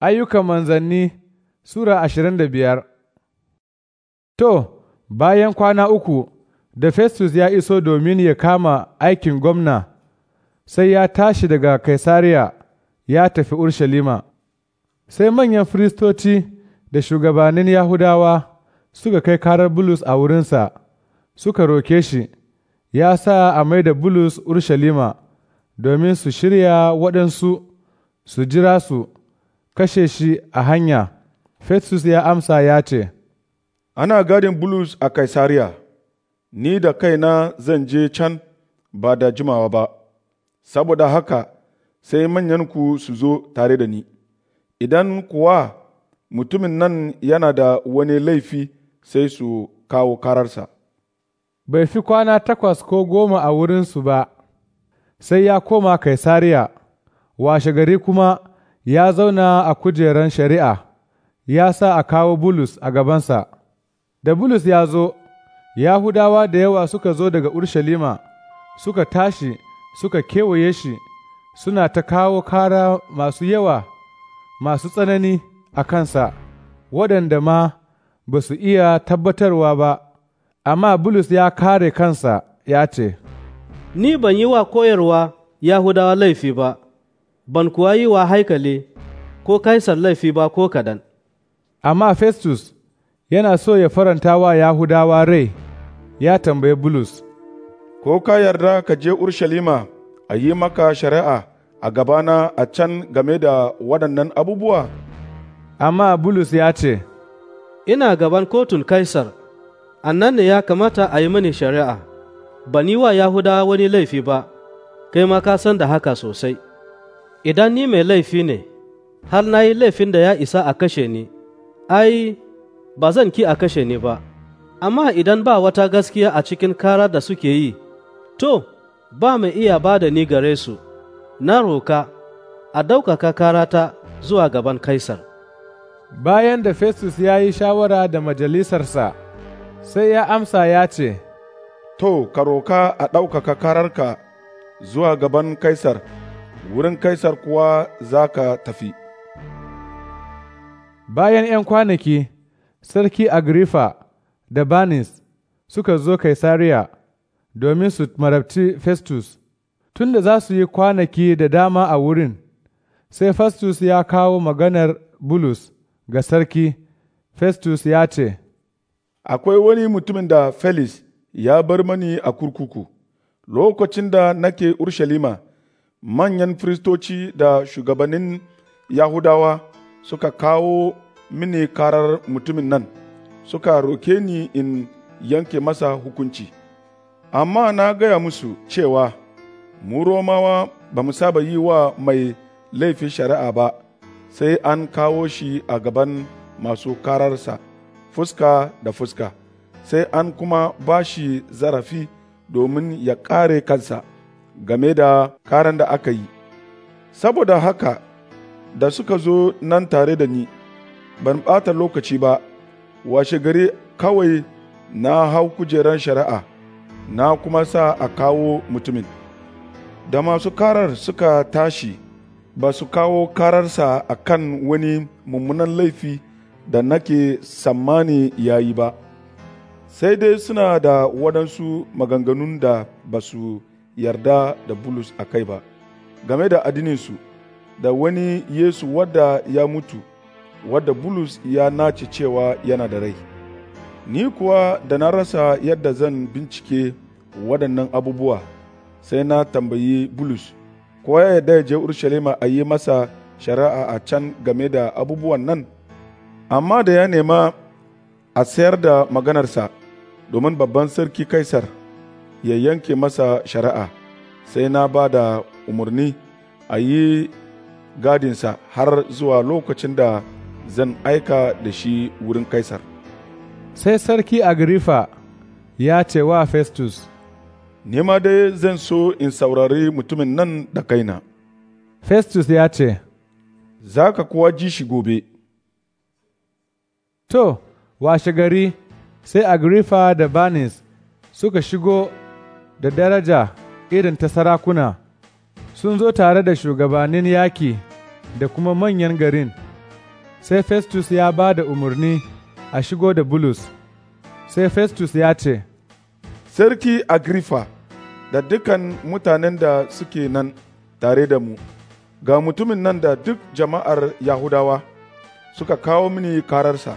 Ayyukan manzanni Sura ashirin da biyar To, bayan kwana uku da Festus ya iso domin ya kama aikin gwamna, sai ya tashi daga Kaisariya ya tafi Urshalima. Sai manyan firistoci da shugabannin Yahudawa suka kai karar Bulus a wurinsa, suka roke shi, ya sa a mai da Bulus Urshalima domin su shirya waɗansu su jira su. kashe shi a hanya, Festus ya amsa ya ce, Ana gadin Bulus a Kaisariya, ni da kaina zan je can ba da jimawa ba, saboda haka sai manyanku su zo tare da ni, idan kuwa mutumin nan yana da wani laifi sai su kawo kararsa. Bai fi kwana takwas ko goma a wurinsu ba, sai ya koma Kaisariya, washe gari kuma ya zauna a kujeran shari'a, ya sa a kawo Bulus a gabansa. Da Bulus ya zo, Yahudawa da yawa suka zo daga Urshalima, suka tashi, suka kewaye shi, suna ta kawo kara masu yawa, masu tsanani a kansa, waɗanda ma ba su iya tabbatarwa ba, amma Bulus ya kare kansa ya ce, Ni ban yi wa koyarwa Yahudawa laifi ba. ban kuwa yi wa haikali ko kaisar laifi ba ko kaɗan. Amma Festus yana so ya faranta wa Yahudawa rai, ya tambaye Bulus. Ko ka yarda ka je Urshalima a yi maka shari'a a gabana a can game da waɗannan abubuwa? Amma Bulus ya ce, Ina gaban kotun Kaisar, annan ne ya kamata a yi mini shari'a, ban ni wa Yahudawa wani laifi ba, kai ma ka san da haka sosai. idan ni mai laifi ne, har na yi laifin da ya isa a kashe ni, ai, ba zan ki a kashe ni ba, amma idan ba wata gaskiya a cikin kara da suke yi, to, ba mai iya ba da ni gare su, na roka, a ɗaukaka karata zuwa gaban Kaisar. Bayan da Festus ya yi shawara da majalisarsa, sai ya amsa ya ce, To, ka roka a ɗaukaka kararka zuwa gaban Kaisar. wurin Kaisar kuwa za ka tafi. Bayan ’yan kwanaki, Sarki Agrifa da Banis suka zo Kaisariya domin su marabci Festus, tunda za su yi kwanaki da dama a wurin, sai Festus ya kawo maganar Bulus ga sarki, Festus ya ce, Akwai wani mutumin da Felis ya bar mani a kurkuku, lokacin da nake Urshalima. manyan firistoci da shugabannin Yahudawa suka kawo mini karar mutumin nan, suka roke ni in yanke masa hukunci. Amma na gaya musu cewa, mu Romawa ba mu saba yi wa mai laifin shari'a ba, sai an kawo shi a gaban masu kararsa, fuska da fuska, sai an kuma ba shi zarafi domin ya ƙare kansa. game da karan da aka yi, saboda haka da suka zo nan tare da ni, ban ɓata lokaci ba, washe gari kawai na hau kujeran shari'a, na kuma sa a kawo mutumin. Da masu karar suka tashi, ba su kawo kararsa a kan wani mummunan laifi da nake sammani yayi ba. sai dai suna da waɗansu maganganun da ba su yarda da Bulus a kai ba, game da adininsu da wani Yesu wadda ya mutu, wadda Bulus ya nace cewa yana da rai. Ni kuwa da na rasa yadda zan bincike waɗannan abubuwa, sai na tambayi Bulus, ko ya yarda ya je Urshalima a yi masa shari'a a can game da abubuwan nan, amma da ya nema a sayar da maganarsa domin babban sarki Kaisar. ya yanke masa shari'a sai na ba da umarni a yi gadinsa har zuwa lokacin da zan aika da shi wurin kaisar sai sarki agrifa ya ce wa festus nema dai zan so in saurari mutumin nan da kaina festus ya ce za ka kuwa ji shi gobe to washe gari sai agrifa da banis suka shigo da daraja irin ta sarakuna sun zo tare da shugabannin yaki da kuma manyan garin, sai Festus ya ba da umarni a shigo da Bulus, sai Festus ya ce, Sarki Agrifa da dukan mutanen da suke nan tare da mu, ga mutumin nan da duk jama'ar Yahudawa suka kawo mini kararsa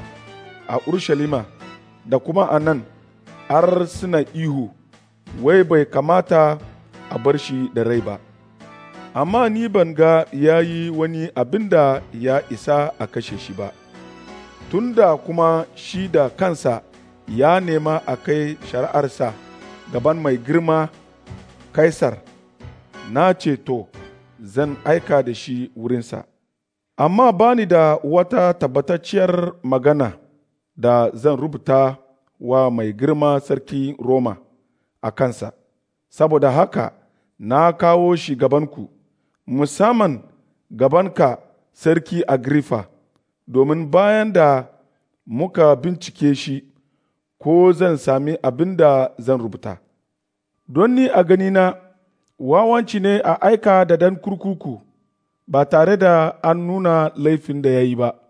a Urshalima da kuma a nan har suna ihu. wai bai kamata a bar shi da rai ba, amma ni ban ga ya yi wani abin da ya isa a kashe shi ba, tunda kuma shi da kansa ya nema a kai shari'arsa gaban mai girma Kaisar, na ce to zan aika da shi wurinsa, amma ba ni da wata tabbatacciyar magana da zan rubuta wa mai girma sarki Roma. a kansa, saboda haka na kawo shi gabanku, musamman gabanka sarki Agrifa, domin bayan da muka bincike shi ko zan sami abin da zan rubuta. Don ni a ganina, wawanci ne a aika da dan kurkuku ba tare da an nuna laifin da ya yi ba.